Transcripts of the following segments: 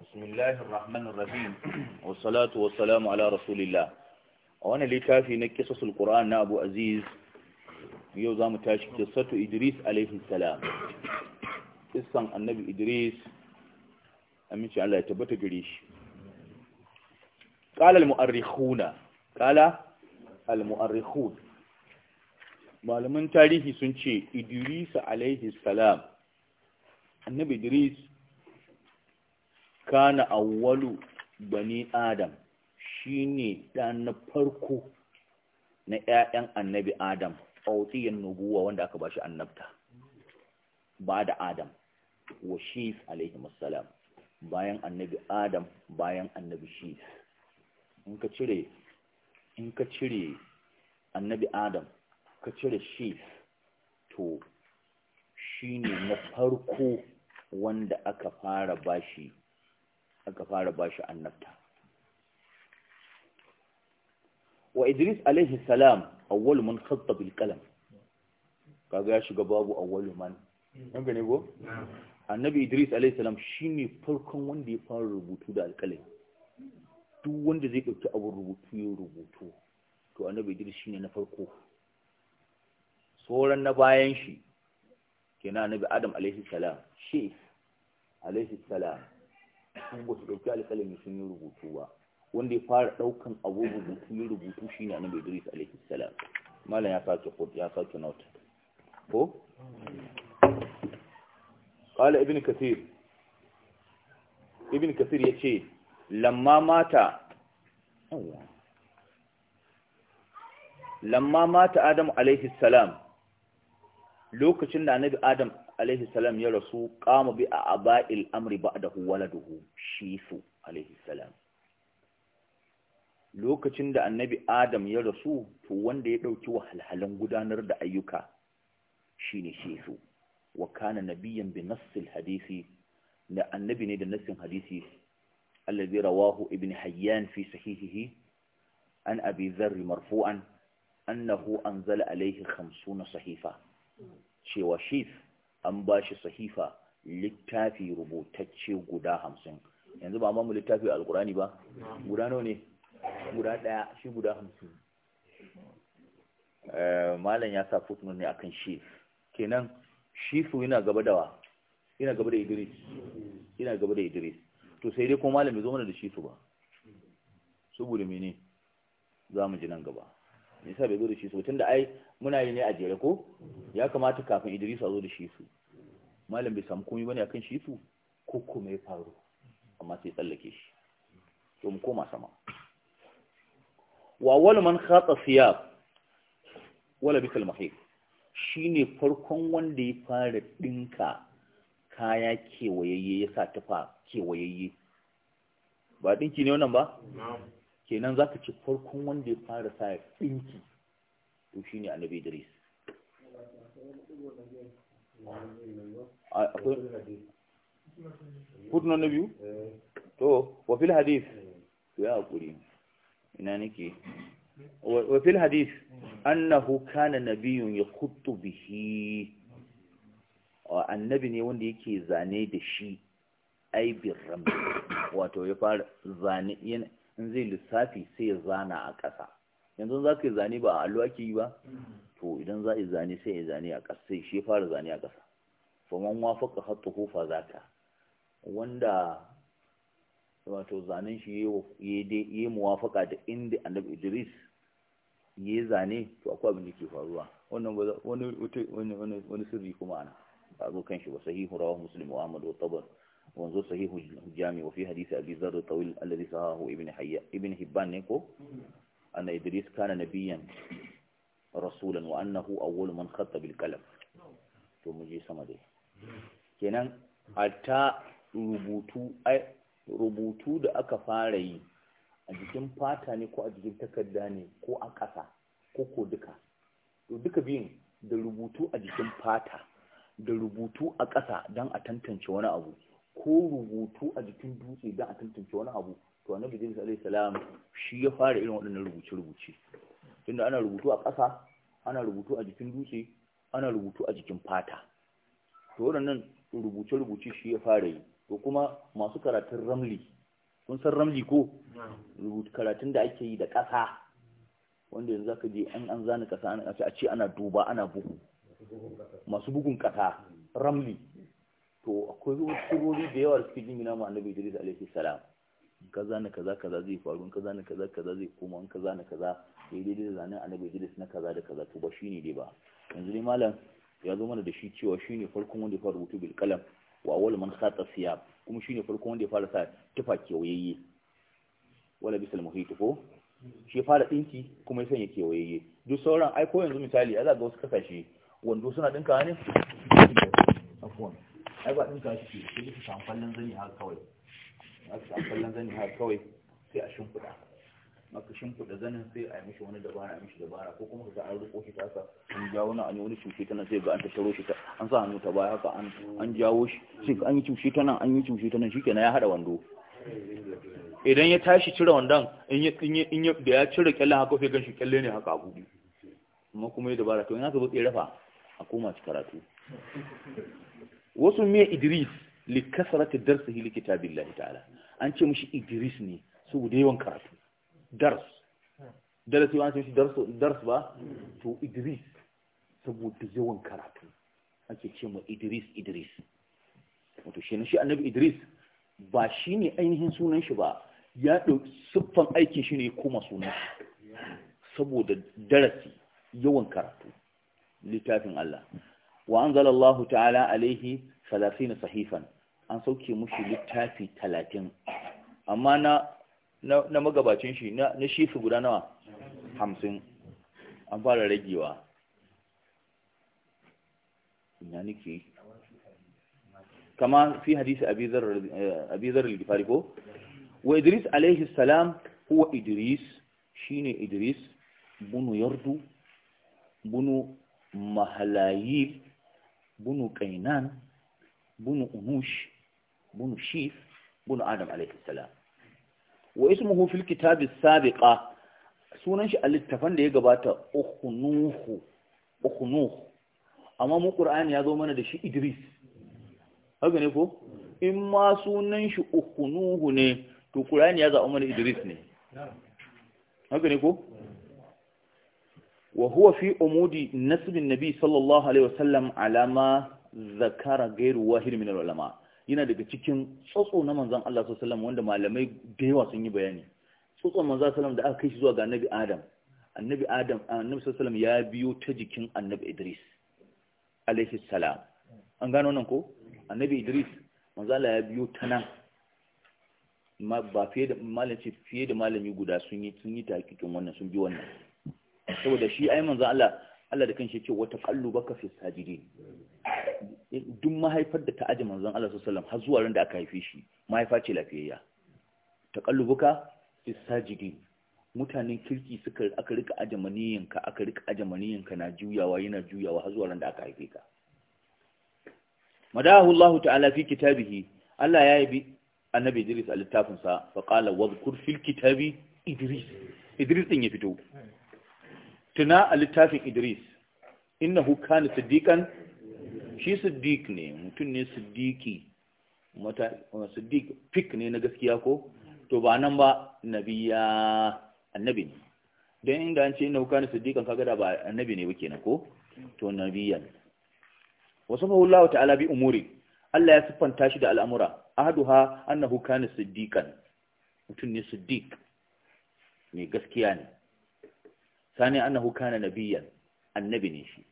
بسم الله الرحمن الرحيم والصلاة والسلام على رسول الله وانا لتافي نكسس القرآن أبو عزيز يوزام تاشي قصة إدريس عليه السلام قصة النبي إدريس أمين شاء الله يتبت قريش قال المؤرخون قال المؤرخون malaman tarihi sun ce idris alaihi salam annabi idris kana awwalu bani adam shine dan na farko na ƴaƴan annabi adam autiyan nubuwa wanda aka bashi annabta ba da adam wa shif alayhi assalam bayan annabi adam bayan annabi shif in ka cire in ka cire annabi adam ka cire shif to shine na farko wanda aka fara bashi aka fara bashi annabta wa Idris alaihi salam awwal man khatta bil qalam kaga ya shiga babu awwalu man an gane go annabi Idris alaihi salam shine farkon wanda ya fara rubutu da alƙalami duk wanda zai dauki abin rubutu ya rubutu to annabi Idris shine na farko sauran na bayan shi kenan annabi Adam alaihi salam shi alaihi salam su ba su ɗauki alƙalami sun yi rubutu ba wanda ya fara ɗaukan da sun yi rubutu shi ne annabi idris alaihi salam malam ya sake ya sake note ko qala ibn kathir ibn kathir yace lamma mata lamma mata adam alaihi salam lokacin da annabi adam alaihi salam ya rasu kama bi a aba'il amri ba'dahu waladuhu shisu alaihi salam lokacin da annabi adam ya rasu to wanda ya dauki wahalhalan gudanar da ayyuka shine shisu wa kana nabiyyan bi nassil hadisi da annabi ne da nassin hadisi alladhi rawahu ibn hayyan fi sahihihi an abi dharr marfu'an annahu anzala alayhi 50 sahifa cewa shisu an ba shi sahifa littafi rubutacce guda hamsin yanzu ba mamu littafi alkurani ba guda nawa ne guda daya shi guda hamsin eh, malam ya sa footnote ne akan shif kenan shifu yana gaba dawa yana gaba da idris yana gaba da idris to sai dai ko malam ya zo mana da shifu ba saboda mene za mu ji nan gaba nisa bai zo da shifu tunda ai muna yi ne a jere ko ya kamata kafin idris a zo da shifu malam bai samu komai bane akan shi su ko kuma ya faru amma sai tsallake shi to mu koma sama wa wal man khata siyab wala bikal mahid shine farkon wanda ya fara dinka kaya kewayayye ya sa tufa kewayayye ba dinki ne wannan ba kenan zaka ci farkon wanda ya fara sa dinki to shine annabi Idris hudun na biyu to wafil hadith to ya haƙuri ina nake wafil hadith. annahu kana nabiyun ya kutu bihi annabi ne wanda yake zane da shi aibin wato ya fara zane in zai lissafi sai zana a ƙasa yanzu za ka yi zane ba a alwaki ba to idan za a yi zane sai yi zane a ƙasa sai shi fara zane a ƙasa faman wafaka hatta hufa zaka wanda wato zanen shi ya muwafaka da inda annabi idris ya zane to akwai abin da ke faruwa wannan wani wani sirri kuma ana ba zo kan shi ba sahihu rawahu muslim wa ahmad wa tabar wanzo sahihu jami wa fi hadisi abi zarr tawil alladhi sahahu ibn hayya ibn hibban ne ko anna idris kana nabiyyan rasulan wa annahu awwalu man khatta bil to mu je sama dai kenan ata rubutu rubutu da aka fara yi a jikin fata ne ko a jikin takarda ne ko a ƙasa ko ko duka to duka biyun da rubutu a jikin fata da rubutu a ƙasa don a tantance wani abu ko rubutu a jikin dutse don a tantance wani abu to annabi jinsu alaihi salam shi ya fara irin waɗannan rubuce-rubuce tunda ana rubutu a ƙasa ana rubutu a jikin dutse ana rubutu a jikin fata to waɗannan rubuce-rubuce shi ya fara yi to kuma masu karatun ramli kun san ramli ko rubutu karatun da ake yi da ƙasa wanda yanzu zaka je an an zani ƙasa an a ce ana duba ana bugu masu bugun ƙasa ramli to akwai surori da yawa suke suke jingina ma annabi Idris alaihi salam kaza ka kaza kaza zai faru kaza ka kaza kaza zai koma kaza ka kaza sai dai da zanen annabi idris na kaza da kaza to ba shine dai ba yanzu ne malam ya zo mana da shi cewa shine farkon wanda ya fara rubutu bil kalam wa awwal man khata siyab kuma shine farkon wanda ya fara sa tufa kewayeye wala bisal muhit ko shi fara dinki kuma ya sanya kewayeye duk sauran ai ko yanzu misali a zaga wasu kasashe wando suna dinka ne afwan ai ba dinka shi ke sai ka samu kallon zani haka kawai kawai sai a shimfida maka shimfiɗa zanin sai a yi mishi wani dabara a mishi dabara ko kuma ka an riko shi ta haka an jawo na an yi wani cushe ta nan sai ga an tasharo shi ta an sa hannu ta baya haka an jawo shi sai an yi cushe ta nan an yi cushe ta nan shi kenan ya haɗa wando idan ya tashi cire wandon in ya da ya cire kyallen haka sai ganshi kyalle ne haka a buɗe amma kuma ya dabara to in aka zo fa a koma ci karatu wasu me idris likasarati darsihi likitabillahi ta'ala an ce mishi idris ne su da yawan karatu dars darasi wani shi dars ba to idris saboda yawan karatu ake ce ma idris idris wato shi shi annabi idris ba shi ne ainihin sunan shi ba ya ɗauki siffan aikin shi ne kuma sunan shi saboda darasi yawan karatu littafin Allah wa Allah ta'ala alaihi 30 sahifan an sauke mushi littafi 30 amma na na magabacin shi na shi su guda nawa hamsin an fara ragewa ina nake kama fi hadisi abizar al-gifari ko wa idris alaihi salam huwa idris shine idris bunu yardu bunu mahalayil bunu kainan bunu unush bunu shif bunu adam alaihi salam wa ismuhu fil kitabi sabiqa sunan shi a littafan da ya gabata ukhunuhu ukhunuhu amma mu qur'ani ya zo mana da shi idris haka ne ko in ma sunan shi ukhunuhu ne to qur'ani ya zaɓa mana idris ne haka ne ko wa huwa fi umudi nasbin nabi sallallahu alaihi wasallam alama zakara gairu wahir min ulama yana daga cikin tsotso na manzan Allah sallallahu alaihi wanda malamai da yawa sun yi bayani na manzan sallallahu da aka kai shi zuwa ga annabi Adam annabi Adam annabi sallallahu ya biyo ta jikin annabi Idris alaihi salam an gano nan ko annabi Idris manzon Allah ya biyo ta nan ma ba fiye da malamci fiye da malami guda sun yi sun yi takikin wannan sun bi wannan saboda shi ai manzan Allah Allah da kanshi ya ce wata baka fi sajidi duk mahaifar da ta aji manzon Allah sallallahu alaihi har zuwa da aka haife shi mahaifa ce lafiyayya taqallubuka fi sajidin mutanen kirki suka aka rika aje maniyinka aka rika aje maniyinka na juyawa yana juyawa har zuwa ran da aka haife ka madahu Allah ta'ala fi kitabihi Allah ya yi annabi Idris a littafin sa fa qala wadhkur fil kitabi Idris Idris din ya fito tuna a littafin Idris innahu kana siddiqan shi siddiq ne mutum ne siddiqi siddiq fik ne na gaskiya ko to ba nan ba nabiya annabi ne dan inda an ce inda kuka ne siddiqan kaga da ba annabi ne wake na ko to nabiyan wasu fahullahu ta'ala bi umuri Allah ya siffanta shi da al'amura ahaduha annahu kana siddiqan mutum ne siddiq ne gaskiya ne sani annahu kana nabiyan annabi ne shi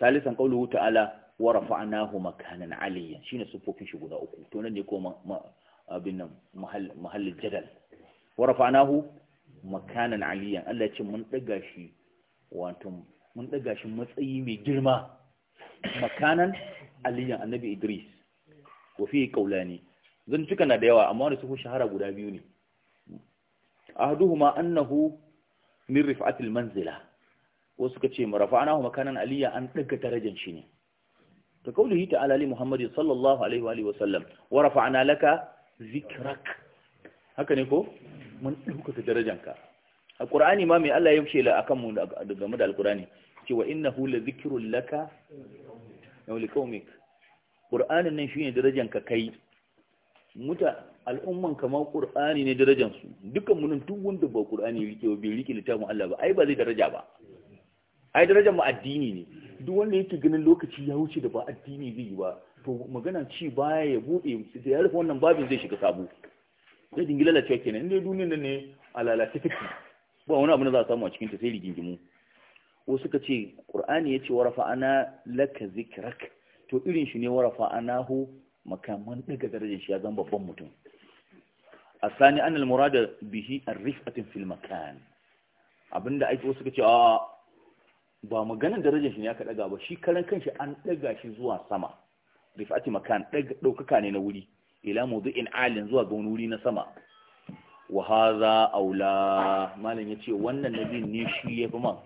salisan qawluhu ta'ala wa rafa'nahu makanan aliyya shine sufofin shi guda uku to nan ne ko abin nan mahallin jadal wa rafa'nahu makanan aliyya Allah ya ce mun daga shi wato mun daga shi matsayi mai girma makanan aliyyan annabi Idris wa fi qaulani zan cika na da yawa amma wani sufu shahara guda biyu ne ahduhuma annahu min rif'atil manzila wasu kace mu rafa'nahu makanan aliyya an daga darajar shi ne to kaulihi ta'ala li muhammadin sallallahu alaihi wa alihi wasallam wa rafa'na laka zikrak haka ne ko mun dauka darajanka A ƙur'ani ma mai Allah ya ce la akan mu game da alqur'ani ce wa innahu la zikrul laka wa liqaumik qur'anin nan shine darajanka kai muta al'umman kamar ƙur'ani ne darajansu dukan mun tun wanda ba qur'ani rike ba bai rike littafin Allah ba ai ba zai daraja ba ai darajar mu addini ne duk wanda yake ganin lokaci ya wuce da ba addini zai yi ba to magana ci baya ya bude da ya rufe wannan babin zai shiga sabo zai la lalacewa kenan inda duniyar nan ne a lalace take ba wani abu na za a samu a cikin ta sai rigingimu wasu suka ce qur'ani yace wa ana laka zikrak to irin shi ne wa rafa'anahu makaman daga darajar shi ya zama babban mutum asani an murada bihi ar-rif'atin fil makan abinda ai wasu suka ce a ba maganin darajar shi ne aka daga ba shi karan kanshi an ɗaga shi zuwa sama rifati makan daukaka ne na wuri ila in alin zuwa ga wuri na sama wa hadha aula malam yace wannan nabiyin ne shi yafi ma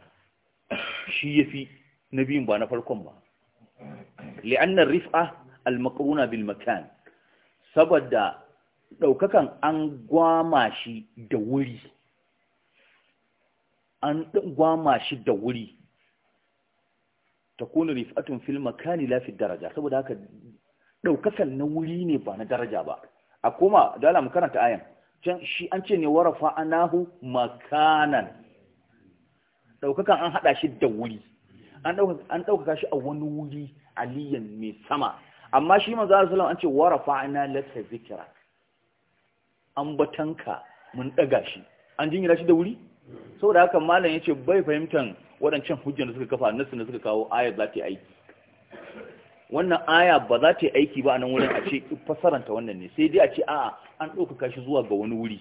shi yafi nabiyin ba na farkon ba li'anna rif'a al-maqruna bil makan saboda daukakan an gwama shi da wuri an gwama shi da wuri kuna rif'atun fil makani lafi daraja saboda haka daukakan na wuri ne ba na daraja ba a koma dala mu karanta ayan can shi an ce ne warafa anahu makanan daukakan an hada shi da wuri an daukaka shi a wani wuri aliyan mai sama amma shi manzo sallallahu alaihi wasallam an ce warafa ana laka zikra an batanka mun daga shi an jinyira shi da wuri saboda haka malam ce bai fahimtan waɗancan hujjar da suka kafa nasu da suka kawo ayar za ta yi aiki wannan aya ba za ta yi aiki ba a nan wurin a ce fasaranta wannan ne sai dai a ce a'a an ɗaukaka shi zuwa ga wani wuri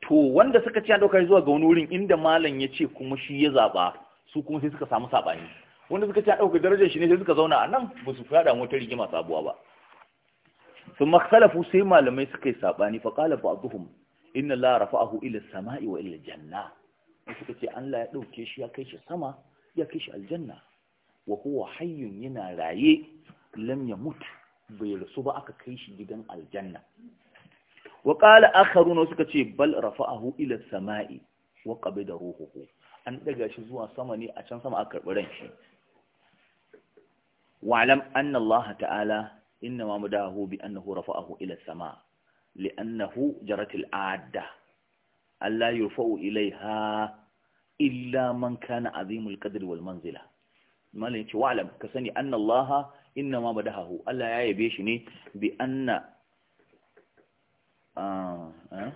to wanda suka ce an ɗauka shi zuwa ga wani wurin inda malam ya ce kuma shi ya zaɓa su kuma sai suka samu saɓani wanda suka ce an ɗauka darajar shi ne sai suka zauna a nan ba su faɗa wata rigima sabuwa ba sun makhalafu sai malamai suka yi saɓani fa ba duhum inna la rafa'ahu ila sama'i wa ila janna suka ce Allah ya ɗauke shi ya kai shi sama ya kai shi aljanna wa huwa hayyun yana raye lam ya mutu bai rasu ba aka kai shi gidan aljanna wa qala akharuna suka ce bal rafa'ahu ila samai wa qabida ruhuhu an daga shi zuwa sama ne a can sama aka karbi ran shi wa'lam anna Allah ta'ala inna ma mudahu bi annahu rafa'ahu ila sama li'annahu jarat al'adda Allah yurfa'u ilaiha illa man kana azimul qadri wal manzila malai ce wa'lam ka sani anna Allah inna ma badahu Allah ya yabe shi ne bi anna ah, eh,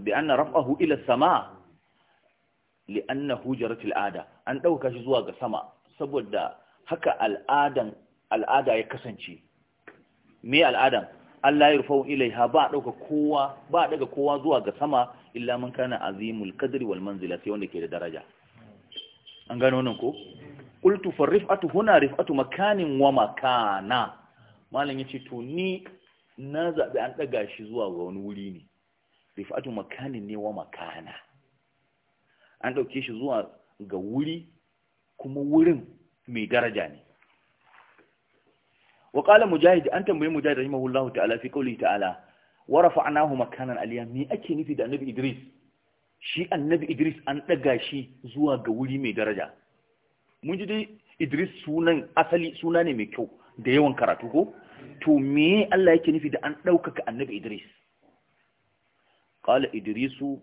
bi anna raf'ahu ila as-sama li'annahu jarat al'ada an ɗauka shi zuwa ga sama saboda haka al'adan al'ada ya kasance me al'adan Allah ya rufa ilaiha ba dauka kowa ba daga kowa zuwa ga sama illa man kana azimul qadri wal manzila sai wanda ke da daraja an gano nan ko qultu fa rif'atu huna rif'atu makanin wa makana malam yace to ni na zabi an daga shi zuwa ga wani wuri ne rif'atu makanin ne wa makana an dauke shi zuwa ga wuri kuma wurin mai daraja ne wa qala mujahid an tambaye mujahid rahimahullahu ta'ala fi qawli ta'ala wa rafa'nahu makanan aliya me ake nufi da annabi idris shi annabi idris an daga shi zuwa ga wuri mai daraja mun ji idris sunan asali suna ne mai kyau da yawan karatu ko to me Allah yake nufi da an ɗaukaka annabi idris qala idrisu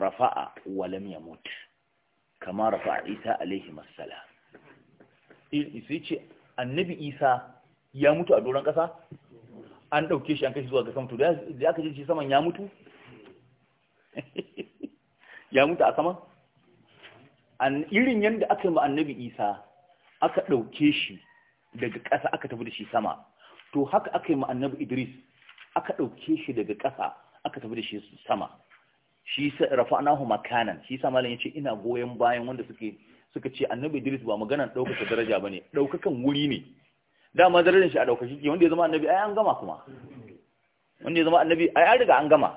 rafa'a wa kama rafa'a isa alaihi assalam sai ce annabi isa ya mutu a doron ƙasa an ɗauke shi an kashi zuwa ga sama to da ya kashi shi saman ya mutu ya mutu a sama irin yadda aka yi ma annabi isa aka ɗauke shi daga ƙasa aka tafi da shi sama to haka aka yi ma annabi idris aka ɗauke shi daga ƙasa aka tafi da shi sama shi Anahu makanan shi sa malam ce ina goyon bayan wanda suke suka ce annabi Idris ba maganan ɗaukaka daraja bane ɗaukakan wuri ne dama darajar shi a ɗauka shi wanda ya zama annabi ai an gama kuma wanda ya zama annabi ai an riga an gama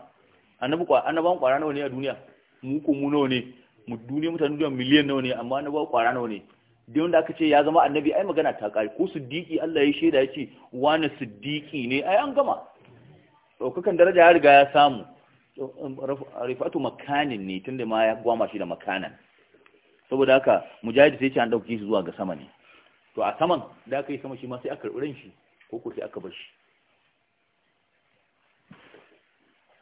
annabi kwa annaban kwara nawa ne a duniya mu ko mu nawa ne mu duniya mutane duniya miliyan nawa ne amma annabawa kwara nawa ne da wanda aka ce ya zama annabi ai magana ta kare ko siddiqi Allah ya shaida ya ce wani siddiqi ne ai an gama ɗaukakan daraja ya riga ya samu um, rifatu makanin ne tunda ma ya gwama shi da makanan saboda haka mujahid sai ce an dauke shi zuwa ga sama ne to a saman da aka yi sama shi ma sai aka karbi shi ko ko sai aka bar shi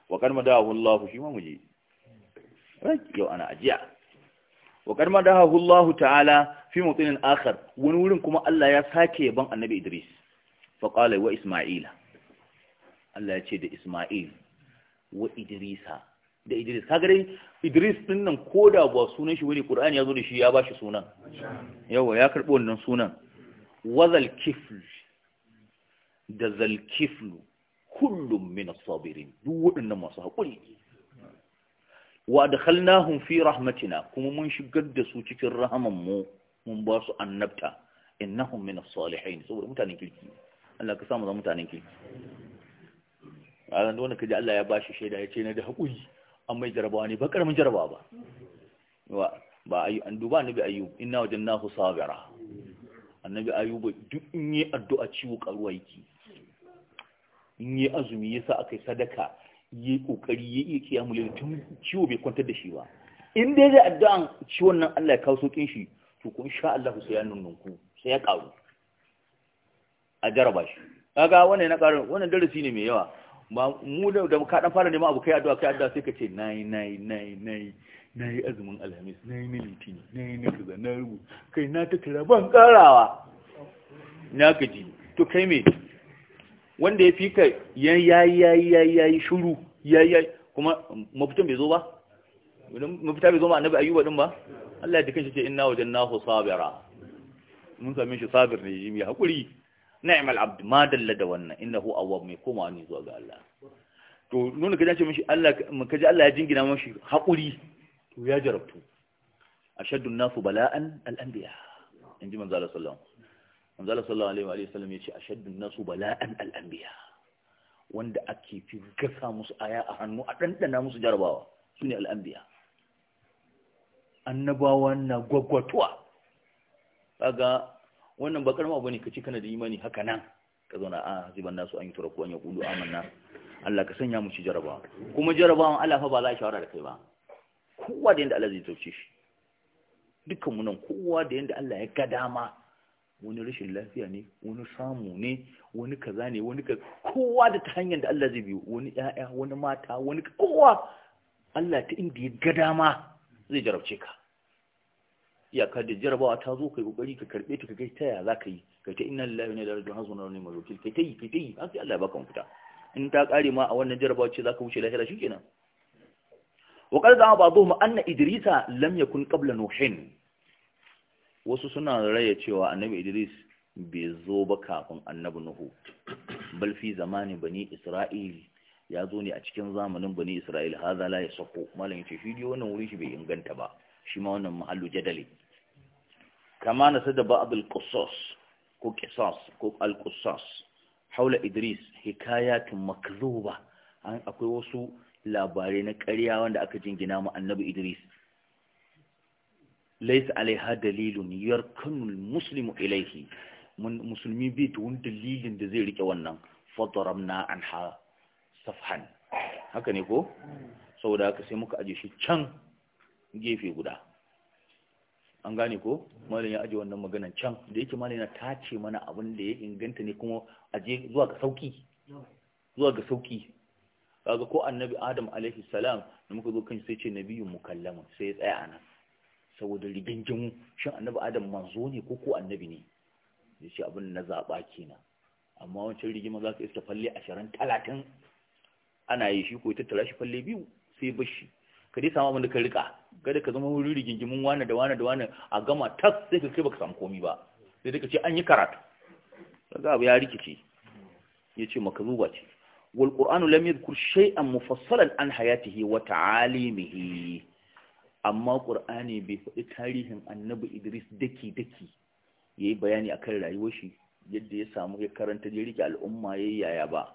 wa kar madahu Allah shi ma muje yau ana ajiya wa kar madahu Allah ta'ala fi mutinin akhar wani wurin kuma Allah ya sake ban annabi Idris fa qala wa Isma'ila Allah ya ce da Isma'il wa Idrisa da Idris kaga dai Idris din nan koda ba sunan shi wani Qur'ani ya zo da shi ya bashi sunan yawa ya karbi wannan sunan wazal kifl da zal kifl kullum min as-sabirin duk waɗannan masu hakuri wa adkhalnahum fi rahmatina kuma mun shigar da su cikin rahaman mu mun ba su annabta innahum min as-salihin saboda mutanen kirki Allah ka samu zama mutanen kirki a ran da wanda kaji Allah ya bashi shaida ya ce na da hakuri an mai jarabawa ne ba karamin jarabawa ba ba ayu an duba annabi ayub inna wajannahu sabira annabi ayub duk in yi addu'a ciwo karuwa yake in yi azumi yasa akai sadaka yi kokari ya iya kiyamul tun ciwo bai kwantar da shi ba in dai da addu'an ciwon nan Allah ya kawo sokin shi to kun sha Allah sai ya nunnunku sai ya karu a jaraba shi kaga wannan na karin wannan darasi ne mai yawa mu da ka dan fara neman abu kai addu'a kai addu'a sai ka ce nayi nayi nayi nayi nayi azumin alhamis nayi na litini nayi na kaza na rubu kai na ta tura ban karawa na gaji to kai me wanda ya fi ka yayi yayi yayi yayi shuru yayi yayi kuma mafita bai zo ba idan mafita bai zo ma annabi ayyuba din ba Allah ya dukan shi ce inna wajannahu sabira mun same shi sabir ne jimi hakuri ni'mal abd ma dalla da wannan innahu awwab mai koma ne zuwa ga Allah to nuna kaje mishi Allah kaje Allah ya jingina mishi hakuri to ya jarabtu ashaddu an-nasu bala'an al-anbiya inji manzo Allah sallallahu manzo Allah sallallahu alaihi wa sallam yace ashaddu an-nasu bala'an al-anbiya wanda ake fi gasa musu aya a hannu a dandana musu jarabawa sune al-anbiya annabawa na gwagwatuwa kaga wannan ba karama bane kace kana da imani haka nan ka zauna a ah, ziban nasu an yi turaku an yi kudu amanna Allah ka sanya mu ci jaraba kuma an Allah fa ba za a shawara da kai ba kowa da yanda Allah zai tauce shi dukkan mu nan kowa da yanda Allah ya ga dama wani rashin lafiya ne wani samu ne wani kaza ne wani ka kowa da ta hanyar da Allah zai biyo wani ƴaƴa wani mata wani kowa Allah ta inda ya ga dama zai jarabce ka iyaka da jarabawa ta zo kai kokari ka karbe ta kai ta ya zaka yi kai ta inna lillahi wa inna ilaihi raji'un wa ni'mal wakil kai ta yi kai ta yi har Allah ya baka mafita in ta kare ma a wannan jarabawa ce zaka wuce lahira shikenan wa qad za'a ba'dhum anna idrisa lam yakun qabla nuhin wasu suna raya cewa annabi idris bai zo ba kafin annabi nuhu bal fi zamani bani isra'il ya zo ne a cikin zamanin bani isra'il hadha la yasaqu malam yace shi wannan wuri shi bai inganta ba shi ma wannan mahallu jadali kama na sada ba'd al Qusas ko qisas ko al qusas haula idris hikayatun makdhuba an akwai wasu labarai na ƙarya wanda aka jingina mu annabi idris laysa alaiha dalilun yarkanu al-muslimu ilayhi musulmi biyu da wani dalilin da zai rike wannan fadaramna anha safhan haka ne ko hmm. saboda haka sai muka aje shi can gefe guda an gane ko malam ya aje wannan maganan can da yake malin yana tace mana abin da ya inganta ne kuma aje zuwa ga sauki zuwa ga sauki kaga ko annabi adam alaihi salam da muka zo kan sai ce nabiyyu mukallama sai ya tsaya anan saboda rigingin shin annabi adam manzo ne ko ko annabi ne ya ce abin na zaba kenan amma wancan rigima za ka iska falle ashirin talatin ana yi shi ko ita tara falle biyu sai bashi ka dai samu abin da ka rika kada ka zama wuri rigingimin wane da wane da wane a gama tas sai ka kai baka samu komi ba sai dai ka ce an yi karatu kaga abu ya rikice Ya ce maka zuba ce wal qur'anu lam yadhkur shay'an mufassalan an hayatihi wa ta'alimihi amma ƙur'ani bai faɗi tarihin annabi Idris daki daki yayi bayani akan rayuwar shi yadda ya samu ya karanta ya rike al'umma yayi yaya ba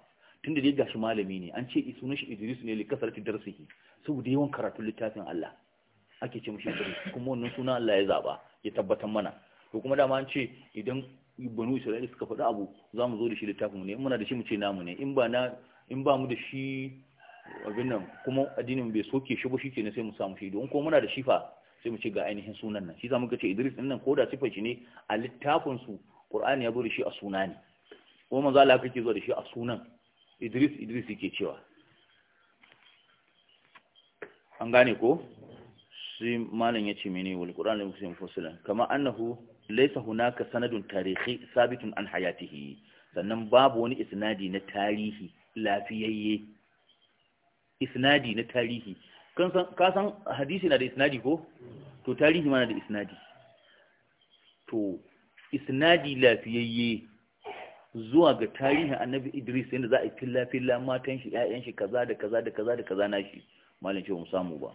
tunda dai gashi malami ne an ce sunan shi Idris ne li kasarati darsihi saboda yawan karatun littafin Allah ake ce mushi Idris kuma wannan suna Allah ya zaba ya tabbatar mana to kuma dama an ce idan banu Isra'ila suka faɗi abu za mu zo da shi littafin mu ne in muna da shi mu ce namu ne in ba na in ba mu da shi abin nan kuma addinin bai soke shi ba shike ne sai mu samu shi don ko muna da shi fa sai mu ce ga ainihin sunan nan shi za mu ga ce Idris din nan ko da sifar shi ne a littafin su Qur'ani ya zo da shi a suna ne kuma manzo Allah kake zo da shi a sunan Idris Idris yake cewa an gane ko sai malam ya ce mene wal qur'an lam yusim fusilan kama annahu laysa hunaka sanadun tarihi sabitun an hayatihi sannan babu wani isnadi na tarihi lafiyayye isnadi na tarihi ka san hadisi na da isnadi ko to tarihi ma na da isnadi to isnadi lafiyayye zuwa ga tarihin annabi idris yadda za a yi filla-filla matan shi 'ya'yan shi kaza da kaza da kaza da kaza na shi malam ce mu samu ba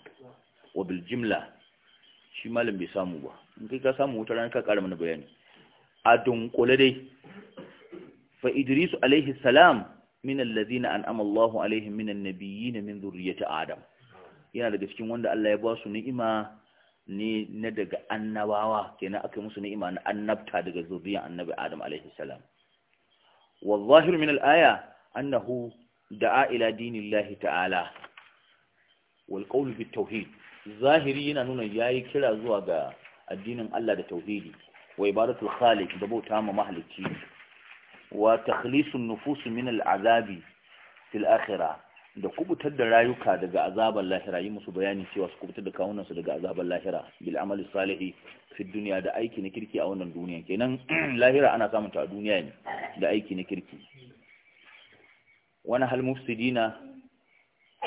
wa biljimla shi malam bai samu ba in kai ka samu wata ranar ka mana bayani a dunkule dai fa idrisu alaihi salam lazina allazina an'ama Allahu alaihim min annabiyyin min adam yana daga cikin wanda Allah ya ba su ni'ima ne na daga annabawa kenan aka musu ni'ima na annabta daga zuriyar annabi Adam alaihi salam wa min al'aya aya annahu da'a ila dinillahi ta'ala wal qawlu bit tauhid zahiri yana nuna ya yi kira zuwa ga addinin Allah da tauhidi wa ibadatul khaliq da bauta ma mahalicci wa takhlisun nufus min al azabi fil akhirah da kubutar da rayuka daga azabar lahira yi musu bayani cewa su kubutar da su daga azabar lahira bil amali salihi fi duniya da aiki na kirki a wannan duniya kenan lahira ana samun ta a duniya ne da aiki na kirki wani hal mufsidina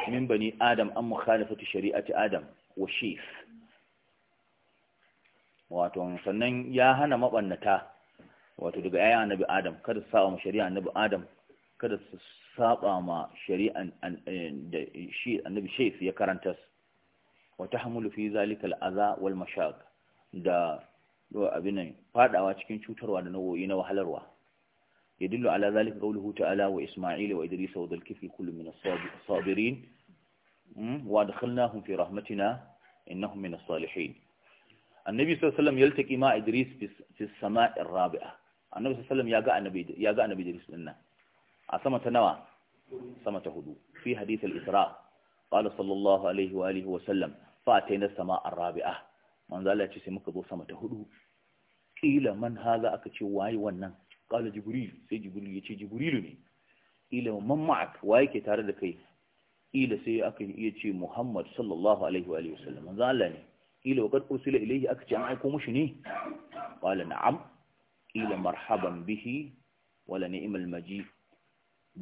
min bani adam an mukhalafatu shari'ati adam wa shif wato sannan ya hana mabannata wato daga yayin annabi adam kada su saba ma shari'a annabi adam kada su saba ma shari'an da shi annabi ya karanta wa tahmulu fi zalika al wal mashaq da abin nan fadawa cikin cutarwa da nau'o'i na wahalarwa يدل على ذلك قوله تعالى وإسماعيل وإدريس وذا الكفل كل من الصابرين وأدخلناهم في رحمتنا إنهم من الصالحين النبي صلى الله عليه وسلم يلتقي مع إدريس في السماء الرابعة النبي صلى الله عليه وسلم يقع النبي يقع النبي إدريس لنا عصمة نوى سمة هدو في حديث الإسراء قال صلى الله عليه وآله وسلم فأتينا السماء الرابعة من ذلك سمك ذو سمة هدو قيل من هذا أكتشي واي ونن qala jibril sai jibril yace jibril ne ila man ma'ak wa yake tare da kai ila sai aka iya ce muhammad sallallahu alaihi wa alihi wasallam manzo Allah ne ila wa qad ursila ilayhi aka ce an aiko mushi ne qala na'am ila marhaban bihi wala ni'mal maji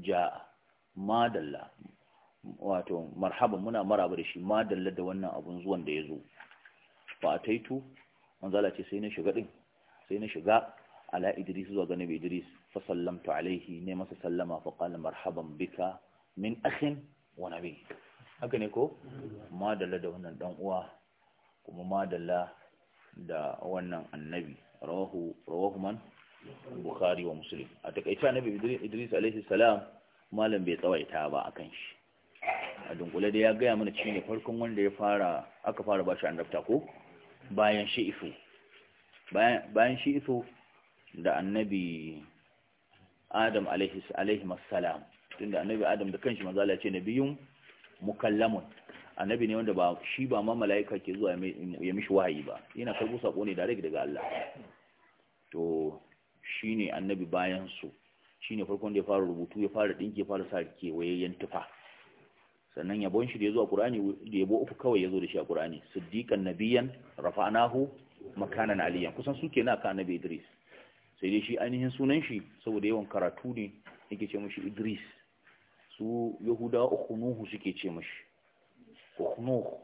jaa madalla wato marhaban muna maraba da shi madalla da wannan abun zuwan da yazo fa ataitu manzo Allah ce sai na shiga din sai na shiga ala idris zuwa ga nabi idris fa sallamtu alaihi ne masa sallama fa qala marhaban bika min akhin wa nabi haka ne ko madalla da wannan dan uwa kuma madalla da wannan annabi rawahu rawahu man bukhari wa muslim a takaice annabi idris alaihi salam malam bai tsawaita ba akan shi a dunkule da ya gaya mana cikin ne farkon wanda ya fara aka fara bashi annabta ko bayan shi iso bayan shi iso da annabi adam alaihi masalam tun da annabi adam da kanshi mazala ce na biyun mukallamun annabi ne wanda ba shi ba ma mala'ika ke zuwa ya mishi wahayi ba yana karbo sako ne direct daga Allah to shine annabi bayan su shine farkon da ya fara rubutu ya fara dinki ya fara sa kewayayyen tufa sannan yabon shi da ya zo a Qur'ani da yabo uku kawai ya zo da shi a Qur'ani siddiqan Rafa rafa'nahu makanan aliyan kusan suke na ka annabi Idris sai dai shi ainihin sunan shi saboda yawan karatu ne yake ce mashi idris su yahudawa ukunuhu suke ce mashi ukunuhu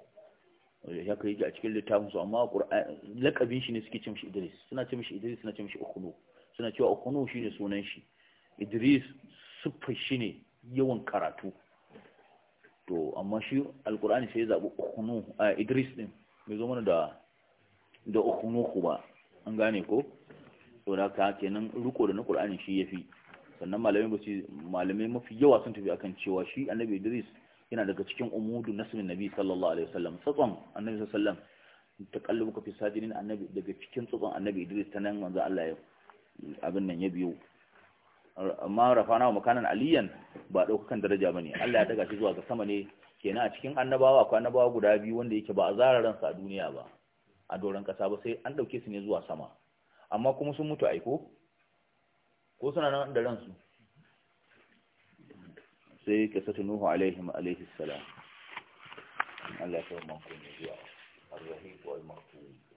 eh, ya kai a cikin littafin su amma lakabin shi ne suke ce mashi idris suna ce mashi idris suna ce mashi ukunuhu suna cewa ukunuhu shi ne sunan shi idris sufa shi ne yawan karatu to amma shi alkur'ani sai ya zaɓi ukunuhu eh, idris din bai zo mana da da ukunuhu ba an gane ko saboda haka kenan riko da na Qur'ani shi yafi sannan malamai ba su malamai mafi yawa sun tafi akan cewa shi Annabi Idris yana daga cikin umudu nasmin Nabi sallallahu alaihi wasallam tsatson Annabi sallallahu alaihi wasallam muka fi sajidin Annabi daga cikin tsatson Annabi Idris ta nan manzo Allah ya abin nan ya biyo amma rafana makanan aliyan ba daukakan daraja bane Allah ya daga shi zuwa ga sama ne kenan a cikin annabawa akwai annabawa guda biyu wanda yake ba a zararansa a duniya ba a doron kasa ba sai an dauke su ne zuwa sama amma kuma sun mutu aiko ko suna nan da ransu sai kasatu nuhu alaihim alaihi salam Allah ya kawo mankuni zuwa ar-rahim wal maghfur